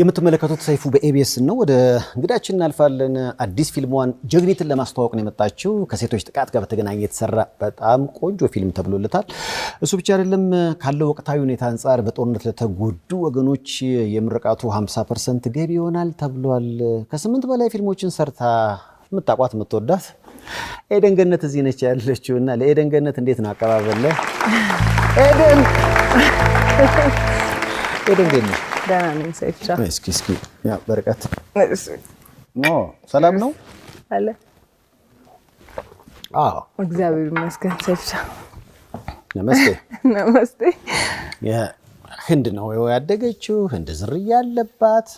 የምትመለከቱት ሰይፉ በኤቢኤስ ነው። ወደ እንግዳችን እናልፋለን። አዲስ ፊልሟን ጀግኒትን ለማስተዋወቅ ነው የመጣችው። ከሴቶች ጥቃት ጋር በተገናኘ የተሰራ በጣም ቆንጆ ፊልም ተብሎለታል። እሱ ብቻ አይደለም፣ ካለው ወቅታዊ ሁኔታ አንጻር በጦርነት ለተጎዱ ወገኖች የምርቃቱ 50 ፐርሰንት ገቢ ይሆናል ተብሏል። ከስምንት በላይ ፊልሞችን ሰርታ የምታቋት የምትወዳት ኤደን ገነት እዚህ ነች ያለችው እና ለኤደን ገነት እንዴት ነው አቀባበለ ኤደን ሄደ እንዴት ነሽ? ደህና ነኝ። ሰይፍሻ እስኪ እስኪ በርቀት ሰላም ነው አለ። እግዚአብሔር ይመስገን። ሰይፍቻ ነመስቴ ነመስቴ። ህንድ ነው ያደገችው፣ ህንድ ዝርያ አለባት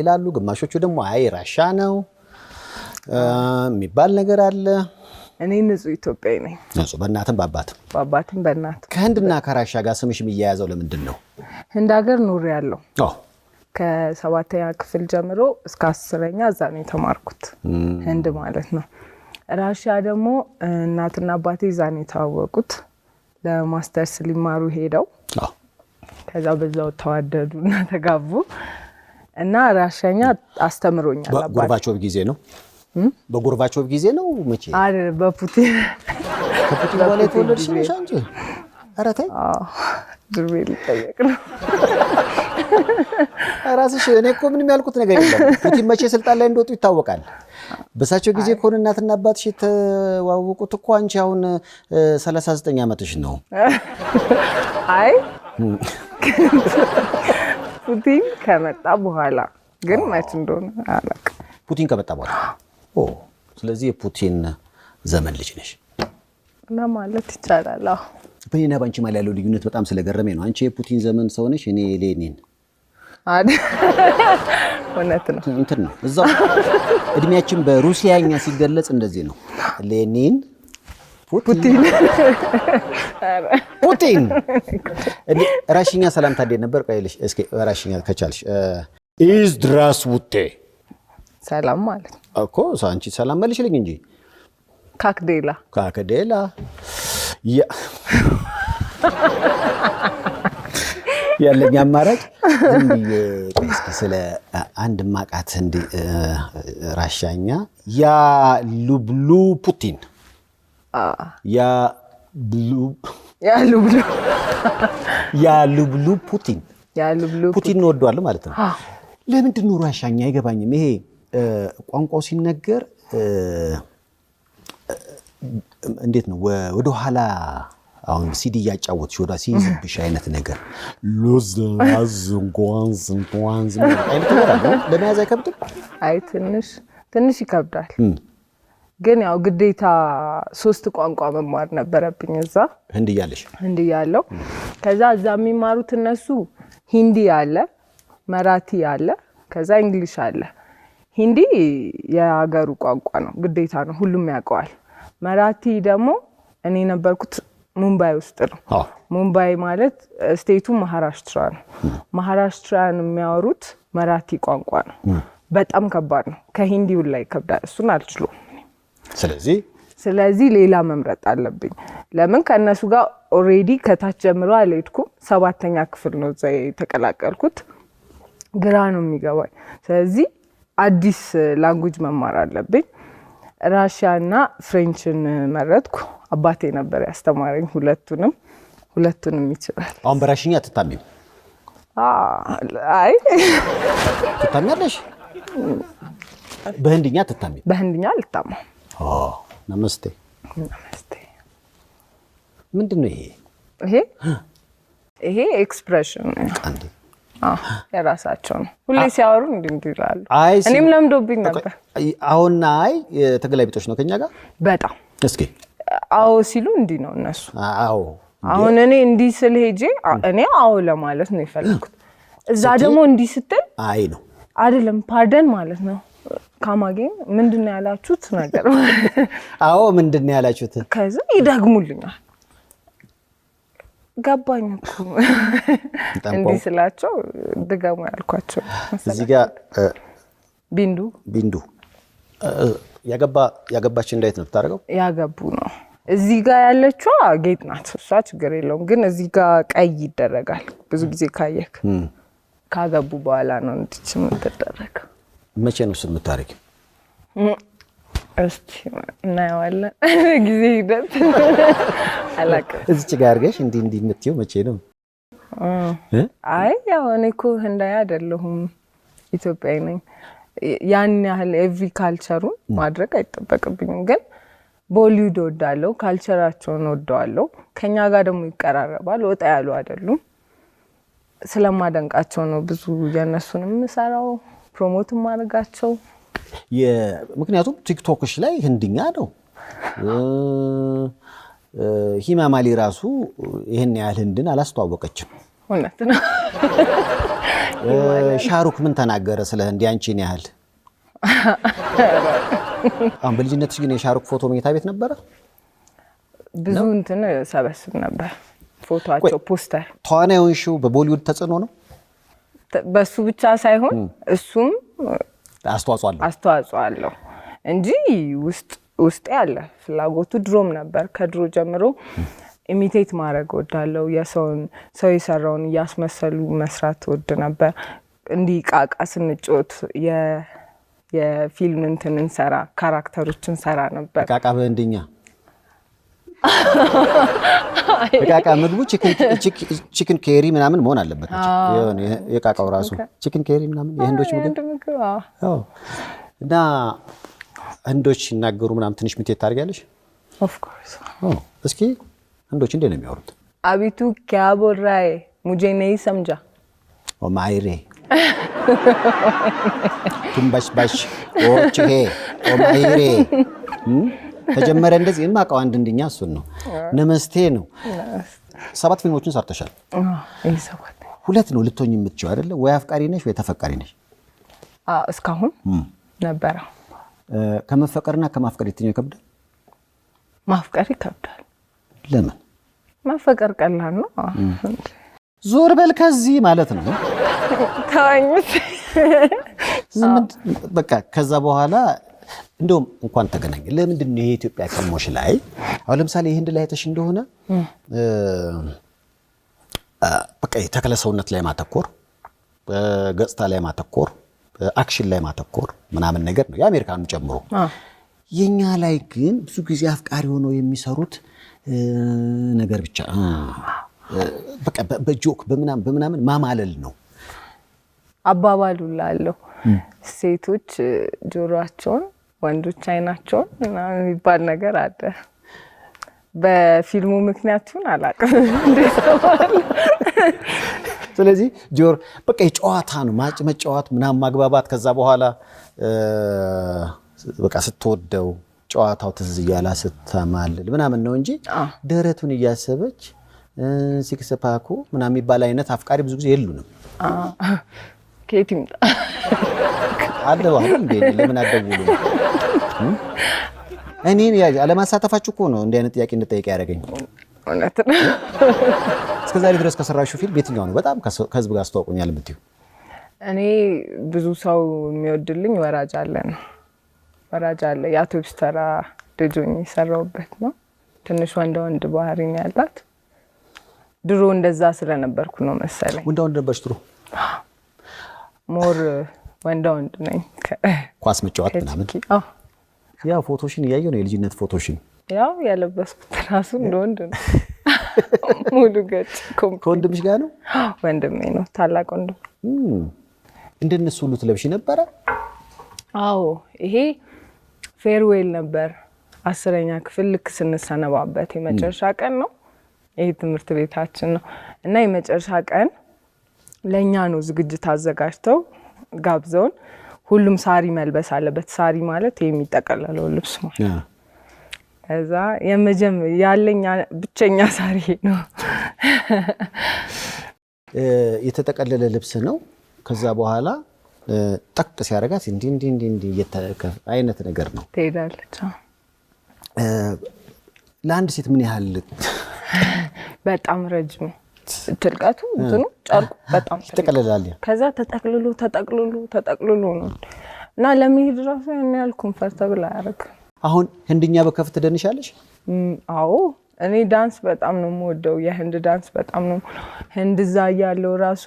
ይላሉ። ግማሾቹ ደግሞ አይ ራሻ ነው የሚባል ነገር አለ። እኔ ንጹህ ኢትዮጵያዊ ነኝ። ንጹህ በእናትም በአባትም በአባትም በእናት ከህንድና ከራሻ ጋር ስምሽ የሚያያዘው ለምንድን ነው? ህንድ ሀገር ኑር ያለው ከሰባተኛ ክፍል ጀምሮ እስከ አስረኛ እዛ ነው የተማርኩት፣ ህንድ ማለት ነው። ራሻ ደግሞ እናትና አባቴ እዛ ነው የተዋወቁት። ለማስተርስ ሊማሩ ሄደው ከዛ በዛው ተዋደዱ እና ተጋቡ እና ራሻኛ አስተምሮኛል። ጎርባቾቭ ጊዜ ነው በጎርባቾቭ ጊዜ ነው መቼ? አይደለም በፑቲን ከፑቲን በኋላ የተወለድሽ ነሽ አንቺ። ኧረ ተይ ድርቤ ሊጠየቅ ነው ራስሽ። እኔ እኮ ምንም ያልኩት ነገር የለም። ፑቲን መቼ ስልጣን ላይ እንደወጡ ይታወቃል። በሳቸው ጊዜ ከሆነ እናትና አባትሽ የተዋወቁት እኮ አንቺ አሁን 39 ዓመትሽ ነው። አይ ፑቲን ከመጣ በኋላ ግን መች እንደሆነ አላውቅም። ፑቲን ከመጣ በኋላ ስለዚህ የፑቲን ዘመን ልጅ ነሽ ለማለት ይቻላል። በኔና በአንቺ ማል ያለው ልዩነት በጣም ስለገረሜ ነው። አንቺ የፑቲን ዘመን ሰው ነሽ፣ እኔ ሌኒን። እውነት ነው እንትን ነው እዛው እድሜያችን በሩሲያኛ ሲገለጽ እንደዚህ ነው። ሌኒን፣ ፑቲን፣ ፑቲን። ራሽኛ ሰላምታ እንዴት ነበር? ቆይ እስኪ ራሽኛ ከቻልሽ ኢዝድራስ ውቴ ሰላም ማለት ነው እኮ አንቺ ሰላም መልሽልኝ እንጂ ካክዴላ ካክዴላ ያለኝ አማራጭ እንዲ ስለ አንድ ማቃት እንዲ ራሻኛ ያ ሉብሉ ፑቲን ያ ብሉ ያ ሉብሉ ያ ሉብሉ ፑቲን ፑቲን እንወደዋለን ማለት ነው። ለምንድን ነው ራሻኛ አይገባኝም ይሄ ቋንቋው ሲነገር እንዴት ነው ወደኋላ አሁን ሲዲ እያጫወት ሲወዳ ሲይዝብሽ አይነት ነገር ሎዝ ላዝ ጓንዝ ጓንዝ አይነት ነገር ለመያዝ አይከብድም? አይ ትንሽ ትንሽ ይከብዳል፣ ግን ያው ግዴታ ሶስት ቋንቋ መማር ነበረብኝ። እዛ ህንድ እያለሽ ህንድ እያለሁ ከዛ እዛ የሚማሩት እነሱ ሂንዲ አለ፣ መራቲ አለ፣ ከዛ እንግሊሽ አለ ሂንዲ የሀገሩ ቋንቋ ነው፣ ግዴታ ነው፣ ሁሉም ያውቀዋል። መራቲ ደግሞ እኔ የነበርኩት ሙምባይ ውስጥ ነው። ሙምባይ ማለት ስቴቱ ማሃራሽትራ ነው። ማሃራሽትራን የሚያወሩት መራቲ ቋንቋ ነው። በጣም ከባድ ነው፣ ከሂንዲ ላይ ይከብዳል። እሱን አልችሉም። ስለዚህ ስለዚህ ሌላ መምረጥ አለብኝ። ለምን ከእነሱ ጋር ኦሬዲ ከታች ጀምሮ አልሄድኩም። ሰባተኛ ክፍል ነው እዛ የተቀላቀልኩት። ግራ ነው የሚገባኝ። ስለዚህ አዲስ ላንጉጅ መማር አለብኝ። ራሽያና ፍሬንችን መረጥኩ። አባቴ ነበር ያስተማረኝ ሁለቱንም ሁለቱንም ይችላል። አሁን በራሽኛ ትታሚ? አይ ትታሚያለሽ። በህንድኛ ትታሚ? በህንድኛ አልታማ። ነመስቴ ነመስቴ። ምንድን ነው ይሄ? ይሄ ኤክስፕሬሽን ነው የራሳቸው ነው። ሁሌ ሲያወሩ እንዲህ ይላሉ። እኔም ለምዶብኝ ነበር። አሁን አይ ተገላቢጦች ነው ከኛ ጋር በጣም እስኪ አዎ ሲሉ እንዲህ ነው እነሱ። አዎ አሁን እኔ እንዲህ ስል ሄጄ እኔ አዎ ለማለት ነው የፈለኩት። እዛ ደግሞ እንዲህ ስትል አይ ነው አይደለም፣ ፓርደን ማለት ነው ካማጌ ምንድን ነው ያላችሁት ነገር? አዎ ምንድን ነው ያላችሁት? ከዚ ይደግሙልኛል ገባኝ እንዲህ ስላቸው ድገሙ ያልኳቸው እዚህ ጋ ቢንዱ ቢንዱ ያገባች እንዳይት ነው ብታደርገው ያገቡ ነው። እዚህ ጋ ያለችዋ ጌጥ ናት፣ እሷ ችግር የለውም። ግን እዚህ ጋ ቀይ ይደረጋል ብዙ ጊዜ ካየክ፣ ካገቡ በኋላ ነው እንድች የምትደረገው። መቼ ነው ስ የምታደርጊው? እናየዋለን ጊዜ ሂደት አላውቅም። እዚች ጋር አድርገሽ እንዲህ እንዲህ የምትይው መቼ ነው? አይ ያው እኔ እኮ ህንዳዊ አይደለሁም ኢትዮጵያዊ ነኝ። ያን ያህል ኤቭሪ ካልቸሩን ማድረግ አይጠበቅብኝም፣ ግን ቦሊውድ ወዳለው ካልቸራቸውን ወደዋለው። ከኛ ጋር ደግሞ ይቀራረባል። ወጣ ያሉ አይደሉም። ስለማደንቃቸው ነው ብዙ የእነሱን የምሰራው ፕሮሞት ማድረጋቸው ምክንያቱም ቲክቶክሽ ላይ ህንድኛ ነው። ሂማማሊ ራሱ ይህን ያህል ህንድን አላስተዋወቀችም። እውነት ነው። ሻሩክ ምን ተናገረ ስለ ህንድ ያንቺን ያህል? አሁን በልጅነትሽ ግን የሻሩክ ፎቶ መኝታ ቤት ነበረ? ብዙ እንትን ሰበስብ ነበር ፎቶቸው ፖስተር። ተዋናዩን በቦሊውድ ተጽዕኖ ነው። በሱ ብቻ ሳይሆን እሱም አስተዋጽኦ አለው አስተዋጽኦ አለው እንጂ ውስጤ አለ ፍላጎቱ ድሮም ነበር። ከድሮ ጀምሮ ኢሚቴት ማድረግ ወዳለው የሰውን ሰው የሰራውን እያስመሰሉ መስራት ወድ ነበር። እንዲህ ቃቃ ስንጮት የፊልም እንትን እንሰራ ካራክተሮች እንሰራ ነበር። ቃቃ በእንድኛ በቃ ምግቡ ቺክን ኬሪ ምናምን መሆን አለበት። የቃቃው ራሱ ቺክን ኬሪ ምናምን የህንዶች ምግብ እና ህንዶች ሲናገሩ ምናምን ትንሽ ምትት ታደርጊያለሽ? እስኪ ህንዶች እንዴት ነው የሚያወሩት? አቢቱ ኪያ ቦል ራሃ ሀይ ሰምጃ ማይሬ ቱምባሽባሽ ኦችሄ ኦማይሬ ተጀመረ እንደዚህ የማውቀው አንድ እንደኛ እሱን ነው። ነመስቴ ነው። ሰባት ፊልሞችን ሰርተሻል። ሁለት ነው ልትሆኝ የምትችው አይደለ? ወይ አፍቃሪ ነሽ ወይ ተፈቃሪ ነሽ። እስካሁን ነበረ። ከመፈቀርና ከማፍቀር የትኛው ይከብዳል? ማፍቀር ይከብዳል። ለምን? መፈቀር ቀላል ነው። ዞር በል ከዚህ ማለት ነው። ተወኝ በቃ ከዛ በኋላ እንደውም እንኳን ተገናኘ። ለምንድን ነው የኢትዮጵያ ቅድሞች ላይ አሁን ለምሳሌ የህንድ ላይ እንደሆነ በቃ የተክለ ሰውነት ላይ ማተኮር፣ ገጽታ ላይ ማተኮር፣ አክሽን ላይ ማተኮር ምናምን ነገር ነው የአሜሪካኑ ጨምሮ። የኛ ላይ ግን ብዙ ጊዜ አፍቃሪ ሆነው የሚሰሩት ነገር ብቻ በቃ በጆክ በምናምን በምናምን ማማለል ነው። አባባሉ ሴቶች ጆሮቸውን ወንዶች አይናቸውን ምናምን የሚባል ነገር አለ። በፊልሙ ምክንያት ይሁን አላውቅም። ስለዚህ ጆር በቃ የጨዋታ ነው ማጭ መጫወት ምናምን ማግባባት። ከዛ በኋላ በቃ ስትወደው ጨዋታው ትዝ እያላ ስታማልል ምናምን ነው እንጂ ደረቱን እያሰበች ሲክስ ፓኩ ምናምን የሚባል አይነት አፍቃሪ ብዙ ጊዜ የሉንም። ከየት ይምጣ አደባሁ እንዴ? ለምን አደውሉ እኔ አለማሳተፋችሁ እኮ ነው እንዲህ አይነት ጥያቄ እንድጠይቅ ያደረገኝ። እውነት ነው። እስከዛሬ ድረስ ከሰራሽው ፊልም የትኛው ነው በጣም ከህዝብ ጋር አስተዋውቆኛል የምትይው? እኔ ብዙ ሰው የሚወድልኝ ወራጅ አለ ነው። ወራጅ አለ የአውቶብስ ተራ ልጅ የሰራውበት ነው። ትንሽ ወንደ ወንድ ባህሪ ነው ያላት። ድሮ እንደዛ ስለነበርኩ ነው መሰለኝ። ወንደ ወንድ ነበርሽ ድሮ? ሞር ወንደ ወንድ ነኝ። ኳስ መጫወት ምናምን ያ ፎቶሽን እያየሁ ነው የልጅነት ፎቶሽን። ያው ያለበስኩት ራሱ እንደ ወንድ ነው። ሙሉ ገጭ። ከወንድምሽ ጋር ነው? ወንድሜ ነው፣ ታላቅ ወንድም። እንደነሱ ሁሉ ትለብሽ ነበረ? አዎ። ይሄ ፌርዌል ነበር፣ አስረኛ ክፍል ልክ ስንሰነባበት የመጨረሻ ቀን ነው። ይሄ ትምህርት ቤታችን ነው እና የመጨረሻ ቀን ለእኛ ነው ዝግጅት አዘጋጅተው ጋብዘውን ሁሉም ሳሪ መልበስ አለበት። ሳሪ ማለት የሚጠቀለለው ልብስ ማለት እዛ የመጀም ያለኝ ብቸኛ ሳሪ ነው። የተጠቀለለ ልብስ ነው። ከዛ በኋላ ጠቅ ሲያደርጋት እንዲህ እንዲህ እንዲህ አይነት ነገር ነው ትሄዳለች። ለአንድ ሴት ምን ያህል? በጣም ረጅም ትልቀቱ እንትኑ ጨርቁ በጣም ይጠቀልላል። ከዛ ተጠቅልሎ ተጠቅልሎ ተጠቅልሎ ነው እና ለመሄድ ራሱ ያን ያህል ኮምፈርተብል አሁን ህንድኛ በከፍ ትደንሻለሽ? አዎ እኔ ዳንስ በጣም ነው የምወደው። የህንድ ዳንስ በጣም ነው ህንድ እዛ እያለው ራሱ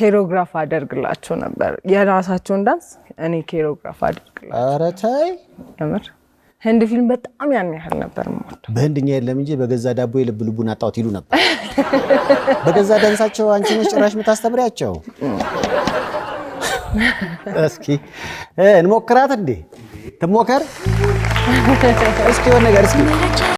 ኬሮግራፍ አደርግላቸው ነበር። የራሳቸውን ዳንስ እኔ ኬሮግራፍ አደርግላቸው። ኧረ ተይ ህንድ ፊልም በጣም ያን ያህል ነበር። በህንድኛ የለም እንጂ በገዛ ዳቦ የልብ ልቡን አጣሁት ይሉ ነበር። በገዛ ዳንሳቸው አንቺ ነሽ ጭራሽ የምታስተምሪያቸው። እስኪ እንሞክራት እንዴ ትሞከር እስኪ ሆን ነገር እስኪ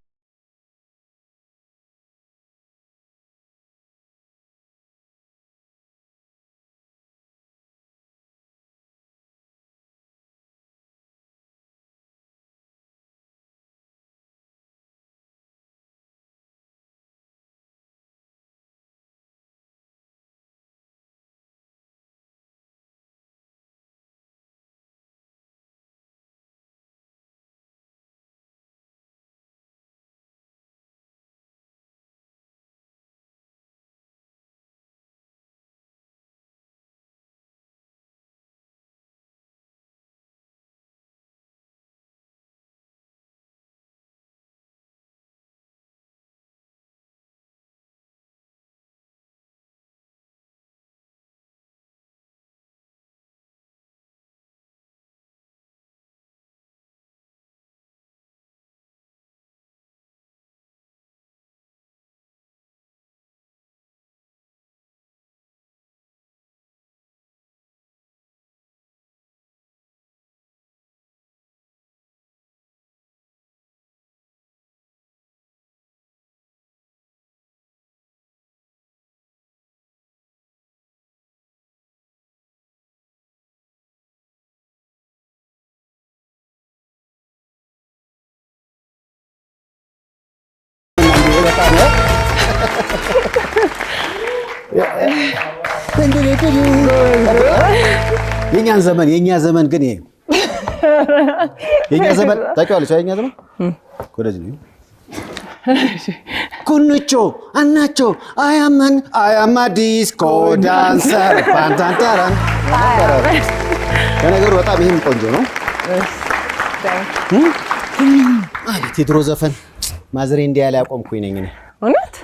በጣም ነው የእኛን ዘመን የእኛ ዘመን ግን ይሄ የእኛ ዘመን ታውቂዋለሽ? የእኛ ዘመን ኮሌጅ ነው። ኩንቾ አናቾ አያማን አያማ ዲስኮ ዳንሰር ፓንታንታራን ለነገሩ በጣም ይህም ቆንጆ ነው። አቤት የድሮ ዘፈን ማዝሬ እንዲያ ላይ አቆምኩኝ ነኝ። እውነት?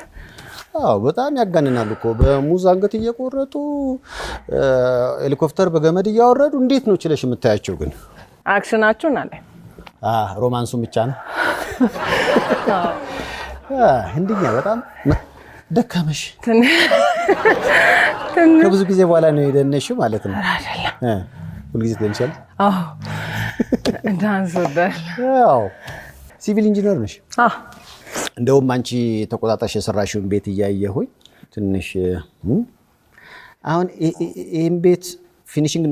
አዎ፣ በጣም ያጋንናሉ እኮ በሙዝ አንገት እየቆረጡ ሄሊኮፕተር በገመድ እያወረዱ እንዴት ነው ችለሽ የምታያቸው? ግን አክሽናችሁን አለ ሮማንሱን ብቻ ነው ህንድኛ በጣም ደከመሽ። ከብዙ ጊዜ በኋላ ነው የደነሽ ማለት ነው። ሁልጊዜ ትደንሻለሽ። ዳንስ ሲቪል ኢንጂነር ነሽ? እንደውም አንቺ ተቆጣጣሽ የሰራሽውን ቤት እያየሁኝ ትንሽ አሁን ይህን ቤት ፊኒሽንግ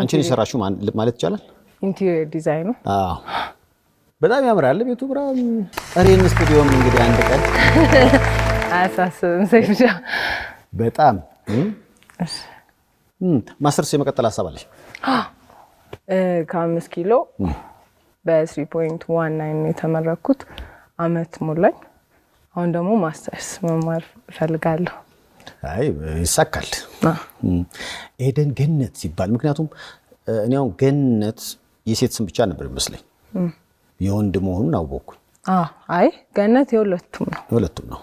አንቺን የሰራሽው ማለት ይቻላል። ኢንቴሪየር ዲዛይኑ በጣም ያምራል ቤቱ። ብራ ሬን ስቱዲዮም እንግዲህ አንድ ቀን አያሳስብም። ሰይፍሻ በጣም ማስተርስ የመቀጠል ሀሳብ አለሽ? ከአምስት ኪሎ በስሪ ፖይንት ዋን የተመረኩት አመት ሞላኝ። አሁን ደግሞ ማስተርስ መማር እፈልጋለሁ። አይ ይሳካል። ኤደን ገነት ሲባል ምክንያቱም እኔ አሁን ገነት የሴት ስም ብቻ ነበር ይመስለኝ፣ የወንድ መሆኑን አወቅኩኝ። አይ ገነት የሁለቱም ነው የሁለቱም ነው፣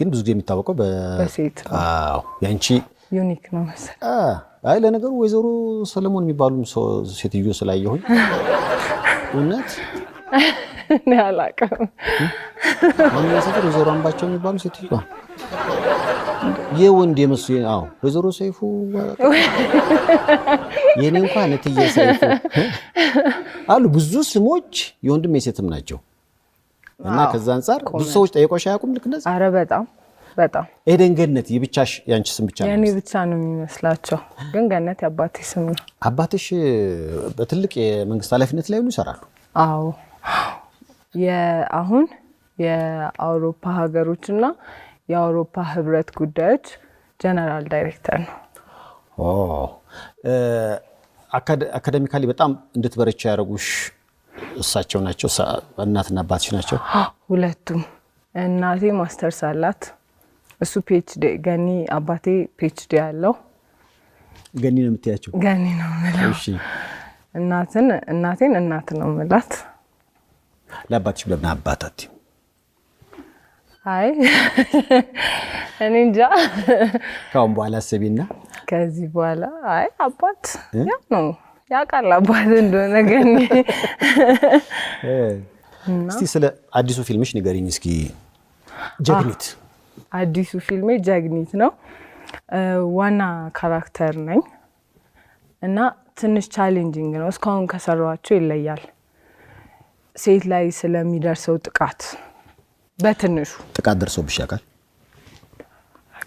ግን ብዙ ጊዜ የሚታወቀው በሴት ያንቺ ዩኒክ ነው መሰለኝ። አይ ለነገሩ ወይዘሮ ሰለሞን የሚባሉ ሴትዮ ስላየሁኝ እውነት እኔ አላውቅም። አሁን ለሰፈር ወይዘሮ አምባቸው የሚባሉ ሴትዮዋ የወንድ የመሱ ወይዘሮ ሰይፉ የእኔ እንኳን እትዬ ሰይፉ አሉ። ብዙ ስሞች የወንድም የሴትም ናቸው እና ከዛ አንጻር ብዙ ሰዎች ጠይቆሽ አያውቁም? ልክ እንደዚህ። ኧረ በጣም በጣም ኤደን ገነት የብቻሽ ያንቺ ስም ብቻ ነው? ብቻ ነው የሚመስላቸው፣ ግን ገነት የአባቴ ስም ነው። አባትሽ በትልቅ የመንግስት ኃላፊነት ላይ ሁሉ ይሰራሉ? አዎ አሁን የአውሮፓ ሀገሮችና የአውሮፓ ህብረት ጉዳዮች ጀነራል ዳይሬክተር ነው። አካደሚካሊ በጣም እንድትበረቻ ያደረጉሽ እሳቸው ናቸው? እናትና አባትሽ ናቸው? ሁለቱም። እናቴ ማስተርስ አላት፣ እሱ ፒኤችዲ ገኒ፣ አባቴ ፒኤችዲ አለው። ገኒ ነው የምትያቸው? ገኒ ነው የምለው። እናትን እናቴን እናት ነው ምላት። ለአባትሽ ለምን አባታት? አይ እኔ እንጃ። ካሁን በኋላ አስቢና ከዚህ በኋላ አይ አባት ያው ነው ያውቃል አባት እንደሆነ ገኒ። እስቲ ስለ አዲሱ ፊልምሽ ንገሪኝ እስኪ። ጀግኒት አዲሱ ፊልሜ ጀግኒት ነው። ዋና ካራክተር ነኝ እና ትንሽ ቻሌንጂንግ ነው። እስካሁን ከሰሯቸው ይለያል። ሴት ላይ ስለሚደርሰው ጥቃት በትንሹ ጥቃት ደርሶብሽ ያውቃል?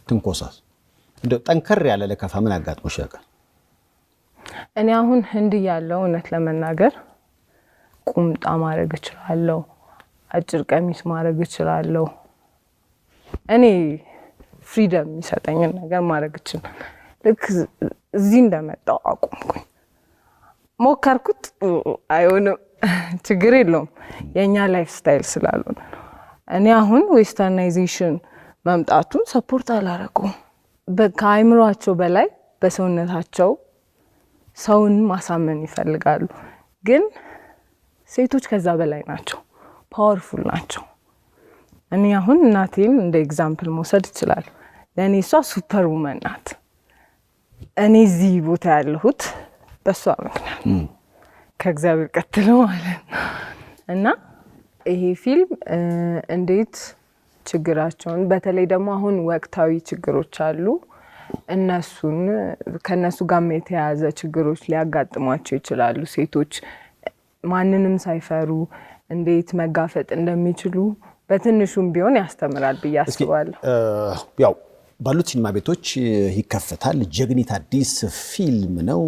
ትንኮሳስ እንደው ጠንከር ያለ ለከፋ ምን አጋጥሞሽ ያውቃል? እኔ አሁን ህንድ ያለው እውነት ለመናገር ቁምጣ ማድረግ እችላለሁ፣ አጭር ቀሚስ ማድረግ እችላለሁ። እኔ ፍሪደም የሚሰጠኝን ነገር ማድረግ እችል። ልክ እዚህ እንደመጣው አቁምኩኝ፣ ሞከርኩት፣ አይሆንም ችግር የለውም የእኛ ላይፍ ስታይል ስላልሆነ። እኔ አሁን ዌስተርናይዜሽን መምጣቱን ሰፖርት አላረቁም። ከአይምሯቸው በላይ በሰውነታቸው ሰውን ማሳመን ይፈልጋሉ። ግን ሴቶች ከዛ በላይ ናቸው፣ ፓወርፉል ናቸው። እኔ አሁን እናቴን እንደ ኤግዛምፕል መውሰድ ይችላል። ለእኔ እሷ ሱፐር ውመን ናት። እኔ እዚህ ቦታ ያለሁት በእሷ ምክንያት ከእግዚአብሔር ቀጥሎ ማለት ነው እና ይሄ ፊልም እንዴት ችግራቸውን በተለይ ደግሞ አሁን ወቅታዊ ችግሮች አሉ እነሱን ከእነሱ ጋር የተያያዘ ችግሮች ሊያጋጥሟቸው ይችላሉ። ሴቶች ማንንም ሳይፈሩ እንዴት መጋፈጥ እንደሚችሉ በትንሹም ቢሆን ያስተምራል ብዬ አስባለሁ። ያው ባሉት ሲኒማ ቤቶች ይከፈታል። ጀግኒት አዲስ ፊልም ነው።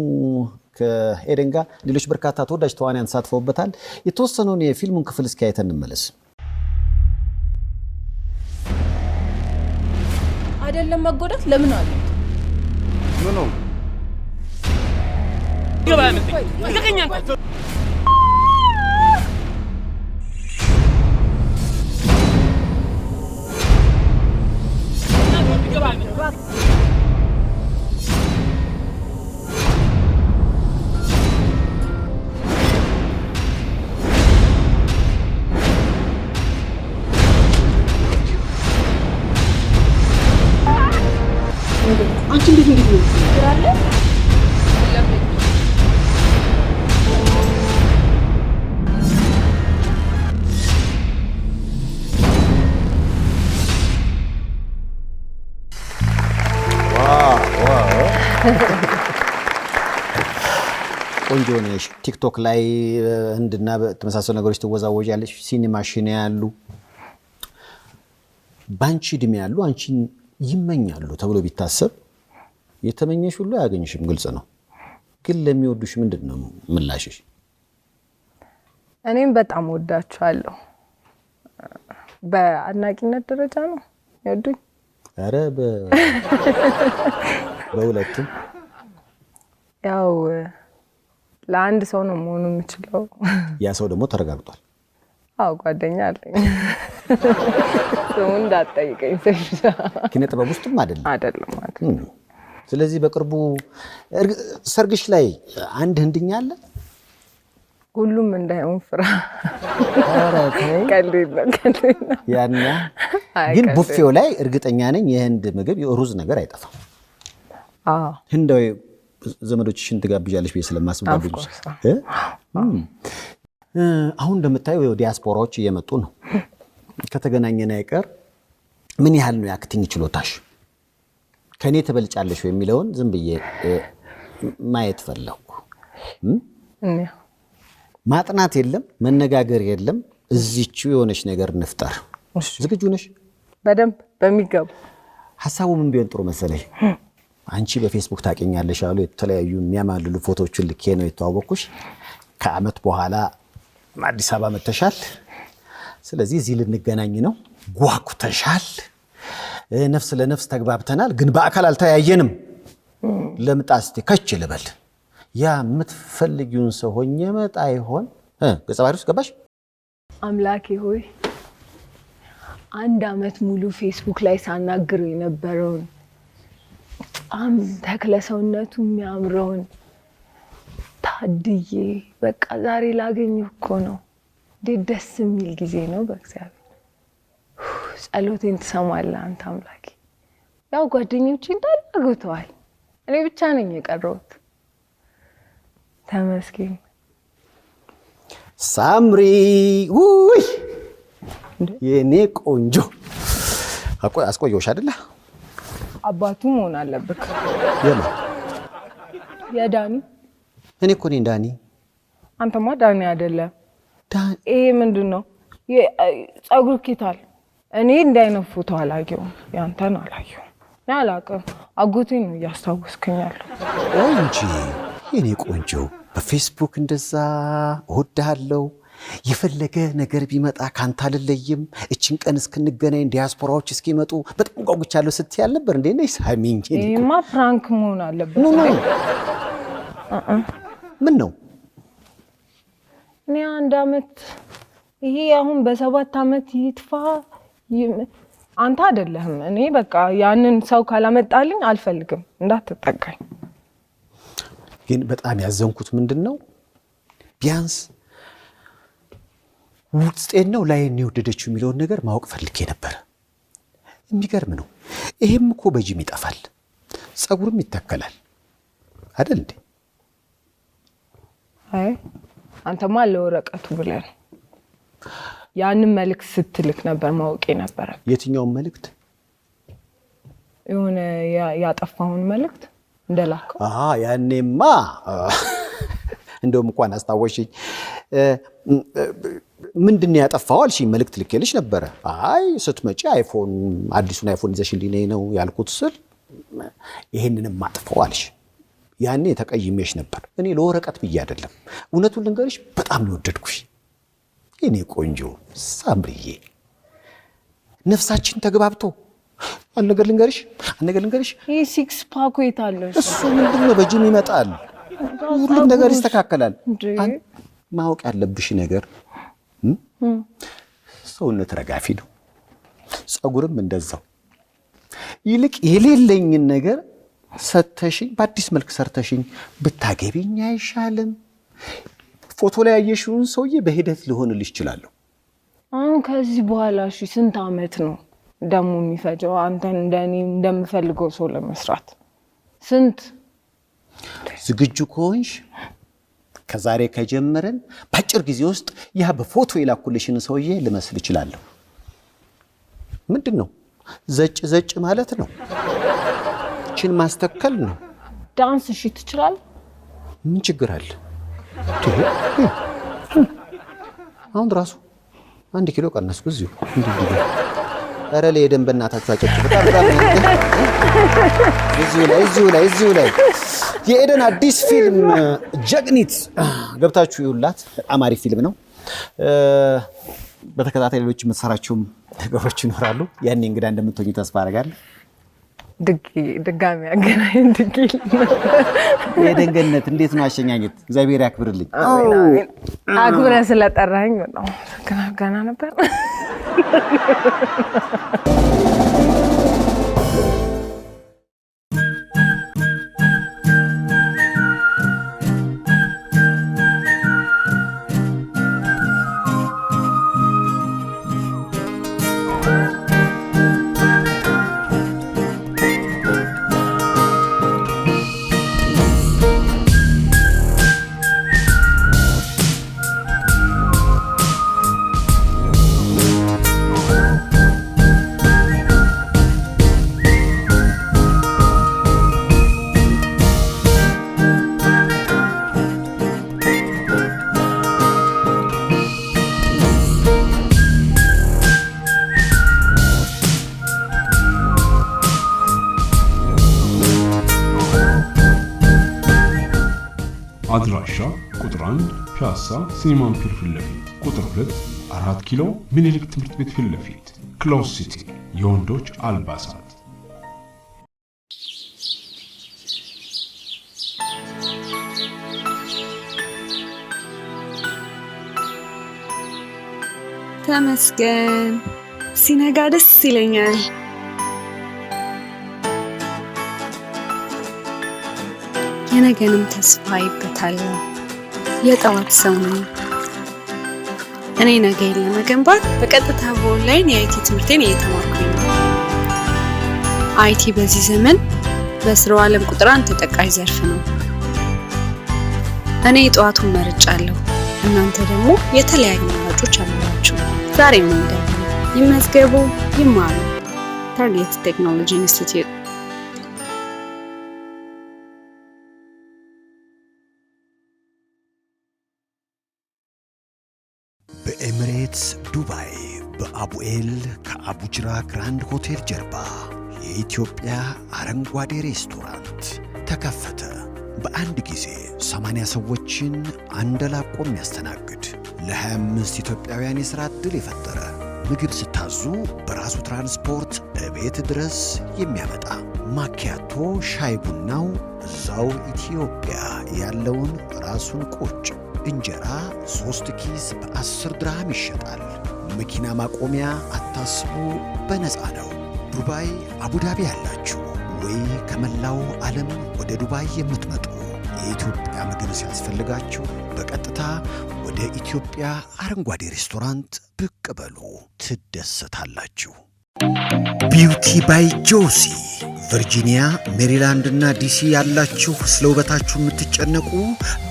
ከኤደን ጋር ሌሎች በርካታ ተወዳጅ ተዋንያን ተሳትፈውበታል። የተወሰነውን የፊልሙን ክፍል እስኪያይተን እንመለስ። አይደለም መጎዳት ለምን አለ ምኑ ቲክቶክ ላይ ህንድና ተመሳሰሉ ነገሮች ሲኒማ ሲኒማሽን ያሉ በአንቺ እድሜ ያሉ አንቺን ይመኛሉ ተብሎ ቢታሰብ የተመኘሽ ሁሉ አያገኝሽም፣ ግልጽ ነው። ግን ለሚወዱሽ ምንድን ነው ምላሽሽ? እኔም በጣም ወዳችኋለሁ። በአድናቂነት ደረጃ ነው ይወዱኝ። ኧረ በሁለቱም ያው ለአንድ ሰው ነው መሆኑ የምችለው። ያ ሰው ደግሞ ተረጋግጧል። አዎ ጓደኛ አለኝ። ስሙ እንዳትጠይቀኝ። ኪነ ጥበብ ውስጥም አይደለም አይደለም። ስለዚህ በቅርቡ ሰርግሽ ላይ አንድ ህንድኛ አለ። ሁሉም እንዳይሆን ፍራ። ያና ግን ቡፌው ላይ እርግጠኛ ነኝ የህንድ ምግብ የሩዝ ነገር አይጠፋም። ህንዳዊ ዘመዶችሽን ትጋብዣለሽ ብዬ ስለማስብ አሁን እንደምታየው ዲያስፖራዎች እየመጡ ነው። ከተገናኘን አይቀር ምን ያህል ነው የአክቲንግ ችሎታሽ? ከእኔ ትበልጫለሽ የሚለውን ዝም ብዬ ማየት ፈለግኩ። ማጥናት የለም መነጋገር የለም። እዚች የሆነች ነገር እንፍጠር። ዝግጁ ነሽ? በደንብ በሚገቡ ሀሳቡ ምን ቢሆን ጥሩ መሰለኝ አንቺ በፌስቡክ ታውቂኛለሽ አሉ የተለያዩ የሚያማልሉ ፎቶዎችን ልኬ ነው የተዋወቅኩሽ። ከአመት በኋላ አዲስ አበባ መተሻል። ስለዚህ እዚህ ልንገናኝ ነው። ጓጉተሻል። ነፍስ ለነፍስ ተግባብተናል፣ ግን በአካል አልተያየንም። ለምጣ እስቴ ከች ልበል። ያ የምትፈልጊውን ሰው ሆኜ መጣ ይሆን? ገጸ ባህሪ ውስጥ ገባሽ? አምላኬ ሆይ አንድ አመት ሙሉ ፌስቡክ ላይ ሳናግረው የነበረውን በጣም ተክለ ሰውነቱ የሚያምረውን ታድዬ በቃ ዛሬ ላገኘ እኮ ነው። እንዴት ደስ የሚል ጊዜ ነው። በእግዚአብሔር ጸሎቴን ትሰማለህ አንተ አምላኬ። ያው ጓደኞች እንዳለ አግብተዋል። እኔ ብቻ ነኝ የቀረሁት። ተመስገን ሳምሪ ውይ የኔ ቆንጆ አስቆየሁሽ አይደለ? አባቱ መሆን አለብክ። የዳኒ እኔ እኮ ነኝ ዳኒ። አንተማ ዳኒ አይደለም። ይሄ ምንድን ነው? ጸጉር ኪታል። እኔ እንዳይነፉት አላየውም፣ ያንተን አላየውም። አላውቅም። አጎቴ ነው እያስታወስከኝ ያለው እንጂ የኔ ቆንጆ በፌስቡክ እንደዛ እወድሃለሁ የፈለገ ነገር ቢመጣ ካንታ አልለይም፣ እችን ቀን እስክንገናኝ ዲያስፖራዎች እስኪመጡ በጣም ጓጉቻለሁ ስትይ አልነበር እንዴ? ነይ ሳሚኝ። ፍራንክ መሆን አለበት። ምን ነው እኔ አንድ አመት ይሄ አሁን በሰባት አመት ይትፋ አንተ አይደለህም። እኔ በቃ ያንን ሰው ካላመጣልኝ አልፈልግም፣ እንዳትጠቀኝ። ግን በጣም ያዘንኩት ምንድን ነው ቢያንስ ውስጤን ነው ላይን የወደደችው የሚለውን ነገር ማወቅ ፈልጌ ነበር። የሚገርም ነው። ይሄም እኮ በጅም ይጠፋል፣ ጸጉርም ይተከላል አይደል እንዴ? አይ አንተማ ለወረቀቱ ብለን ያንን መልእክት ስትልክ ነበር ማወቅ ነበረ። የትኛውን መልእክት? የሆነ ያጠፋውን መልእክት እንደላከው። ያኔማ እንደውም እንኳን አስታወሽኝ። ምንድን ያጠፋው አልሽ፣ መልእክት ልኬልሽ ነበረ። አይ ስትመጪ አይፎን አዲሱን አይፎን ይዘሽልኝ ነው ያልኩት ስል ይህንንም ማጥፋው አልሽ። ያኔ ተቀይሜሽ ነበር። እኔ ለወረቀት ብዬ አይደለም፣ እውነቱን ልንገርሽ፣ በጣም ነው ወደድኩሽ። የኔ ቆንጆ ሳምርዬ፣ ነፍሳችን ተግባብቶ አንድ ነገር ልንገርሽ፣ አንድ ነገር ልንገርሽ፣ ይህ ሲክስ ፓክ የት አለ? እሱ ምንድን ነው በጅም ይመጣል። ሁሉም ነገር ይስተካከላል። ማወቅ ያለብሽ ነገር ሰውነት ረጋፊ ነው፣ ፀጉርም እንደዛው። ይልቅ የሌለኝን ነገር ሰተሽኝ፣ በአዲስ መልክ ሰርተሽኝ ብታገቢኝ አይሻልም? ፎቶ ላይ ያየሽውን ሰውዬ በሂደት ሊሆንልሽ ይችላለሁ። አሁን ከዚህ በኋላ እሺ፣ ስንት ዓመት ነው ደግሞ የሚፈጀው አንተን እንደኔ እንደምፈልገው ሰው ለመስራት? ስንት ዝግጁ ከሆንሽ ከዛሬ ከጀመርን በአጭር ጊዜ ውስጥ ያ በፎቶ የላኩልሽን ሰውዬ ልመስል እችላለሁ። ምንድን ነው ዘጭ ዘጭ ማለት ነው። ችን ማስተከል ነው። ዳንስ እሺ ትችላል። ምን ችግር አለ? አሁን ራሱ አንድ ኪሎ ቀነስኩ እዚሁ። ኧረ ለየደንብ በጣም አጨጭ እዚሁ ላይ እዚሁ ላይ የኤደን አዲስ ፊልም ጀግኒት ገብታችሁ ይውላት። በጣም አሪፍ ፊልም ነው። በተከታታይ ሌሎች የምትሰራቸውም ነገሮች ይኖራሉ። ያኔ እንግዳ እንደምትሆኝ ተስፋ አደርጋለሁ። ድጋሚ ያገናኝ ድጌ የኤደን ገነት እንዴት ነው አሸኛኘት? እግዚአብሔር ያክብርልኝ። አክብረ ስለጠራኝ በጣም ገና ነበር። አድራሻ ቁጥር 1 ፒያሳ ሲኒማን ፒር ፊት ለፊት፣ ቁጥር 2 4 ኪሎ ምኒልክ ትምህርት ቤት ፊት ለፊት፣ ክሎዝ ሲቲ የወንዶች አልባሳት ተመስገን ሲነጋ ደስ ይለኛል። የነገንም ተስፋ ይበታል። የጠዋት ሰው ነኝ እኔ ነገን ለመገንባት በቀጥታ በኦንላይን የአይቲ ትምህርቴን እየተማርኩኝ ነው። አይቲ በዚህ ዘመን በስራው ዓለም ቁጥር አንድ ተጠቃሽ ዘርፍ ነው። እኔ የጠዋቱን መርጫለሁ። እናንተ ደግሞ የተለያዩ አማራጮች አሏችሁ። ዛሬ ምን ይመዝገቡ፣ ይማሩ። ታርጌት ቴክኖሎጂ ኢንስቲትዩት በአቡኤል ከአቡጅራ ግራንድ ሆቴል ጀርባ የኢትዮጵያ አረንጓዴ ሬስቶራንት ተከፈተ። በአንድ ጊዜ 80 ሰዎችን አንደላቆ የሚያስተናግድ ለ25 ኢትዮጵያውያን የሥራ ዕድል የፈጠረ ምግብ ስታዙ በራሱ ትራንስፖርት በቤት ድረስ የሚያመጣ ማኪያቶ ሻይ ቡናው እዛው ኢትዮጵያ ያለውን ራሱን ቁጭ እንጀራ ሦስት ኪስ በአስር ድርሃም ይሸጣል። መኪና ማቆሚያ አታስቡ፣ በነፃ ነው። ዱባይ፣ አቡዳቢ ያላችሁ ወይ ከመላው ዓለም ወደ ዱባይ የምትመጡ የኢትዮጵያ ምግብ ሲያስፈልጋችሁ በቀጥታ ወደ ኢትዮጵያ አረንጓዴ ሬስቶራንት ብቅ በሉ፣ ትደሰታላችሁ። ቢውቲ ባይ ጆሲ ቨርጂኒያ፣ ሜሪላንድ እና ዲሲ ያላችሁ ስለ ውበታችሁ የምትጨነቁ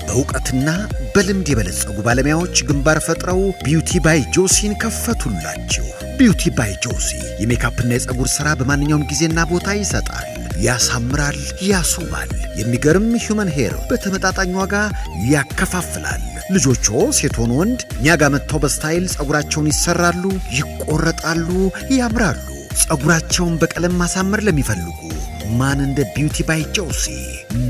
በእውቀትና በልምድ የበለጸጉ ባለሙያዎች ግንባር ፈጥረው ቢውቲ ባይ ጆሲን ከፈቱላችሁ። ቢውቲ ባይ ጆሲ የሜካፕና የፀጉር ሥራ በማንኛውም ጊዜና ቦታ ይሰጣል፣ ያሳምራል፣ ያስውባል። የሚገርም ሂውመን ሄር በተመጣጣኝ ዋጋ ያከፋፍላል። ልጆቹ ሴቶን ወንድ እኛ ጋር መጥተው በስታይል ጸጉራቸውን ይሰራሉ፣ ይቆረጣሉ፣ ያምራሉ። ጸጉራቸውን በቀለም ማሳመር ለሚፈልጉ ማን እንደ ቢዩቲ ባይ ጨውሲ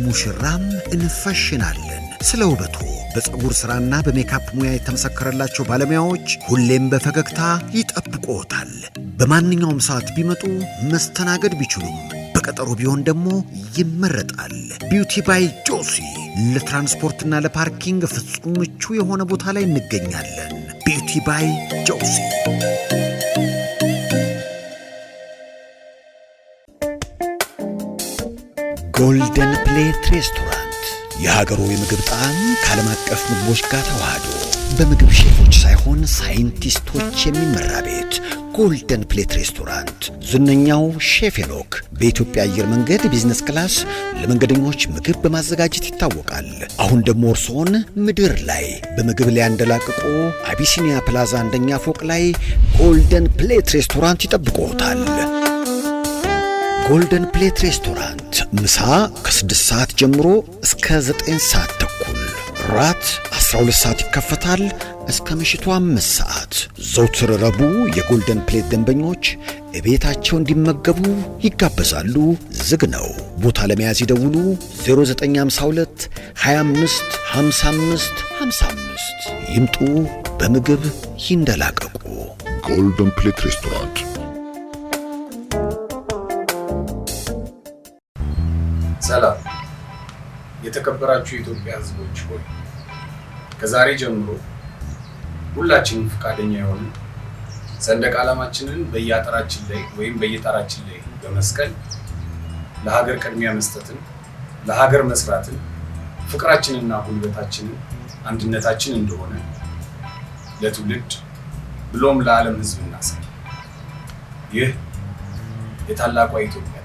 ሙሽራም እንፈሽናለን። ስለ ውበቱ በጸጉር ሥራና በሜካፕ ሙያ የተመሰከረላቸው ባለሙያዎች ሁሌም በፈገግታ ይጠብቆታል። በማንኛውም ሰዓት ቢመጡ መስተናገድ ቢችሉም በቀጠሮ ቢሆን ደግሞ ይመረጣል። ቢዩቲ ባይ ጆሲ ለትራንስፖርትና ለፓርኪንግ ፍጹም ምቹ የሆነ ቦታ ላይ እንገኛለን። ቢዩቲ ባይ ጆሲ ጎልደን ፕሌት ሬስቶራንት የሀገሩ የምግብ ጣዕም ከዓለም አቀፍ ምግቦች ጋር ተዋህዶ በምግብ ሼፎች ሳይሆን ሳይንቲስቶች የሚመራ ቤት ጎልደን ፕሌት ሬስቶራንት ዝነኛው ሼፍ ሄኖክ በኢትዮጵያ አየር መንገድ ቢዝነስ ክላስ ለመንገደኞች ምግብ በማዘጋጀት ይታወቃል። አሁን ደግሞ እርሶን ምድር ላይ በምግብ ላይ አንደላቅቆ አቢሲኒያ ፕላዛ አንደኛ ፎቅ ላይ ጎልደን ፕሌት ሬስቶራንት ይጠብቆታል። ጎልደን ፕሌት ሬስቶራንት ምሳ ከ6 ሰዓት ጀምሮ እስከ 9 ሰዓት ተኩል፣ ራት 12 ሰዓት ይከፈታል። እስከ ምሽቱ አምስት ሰዓት ዘውትር ረቡዕ የጎልደን ፕሌት ደንበኞች እቤታቸው እንዲመገቡ ይጋበዛሉ። ዝግ ነው። ቦታ ለመያዝ ይደውሉ 0952 25 55 55 ይምጡ። በምግብ ይንደላቀቁ። ጎልደን ፕሌት ሬስቶራንት ሰላም የተከበራችሁ የኢትዮጵያ ሕዝቦች ሆይ ከዛሬ ጀምሮ ሁላችንም ፈቃደኛ የሆነ ሰንደቅ ዓላማችንን በየአጥራችን ላይ ወይም በየጣራችን ላይ በመስቀል ለሀገር ቅድሚያ መስጠትን፣ ለሀገር መስራትን፣ ፍቅራችንና ጉልበታችንን አንድነታችን እንደሆነ ለትውልድ ብሎም ለዓለም ሕዝብ እናሳይ። ይህ የታላቋ ኢትዮጵያ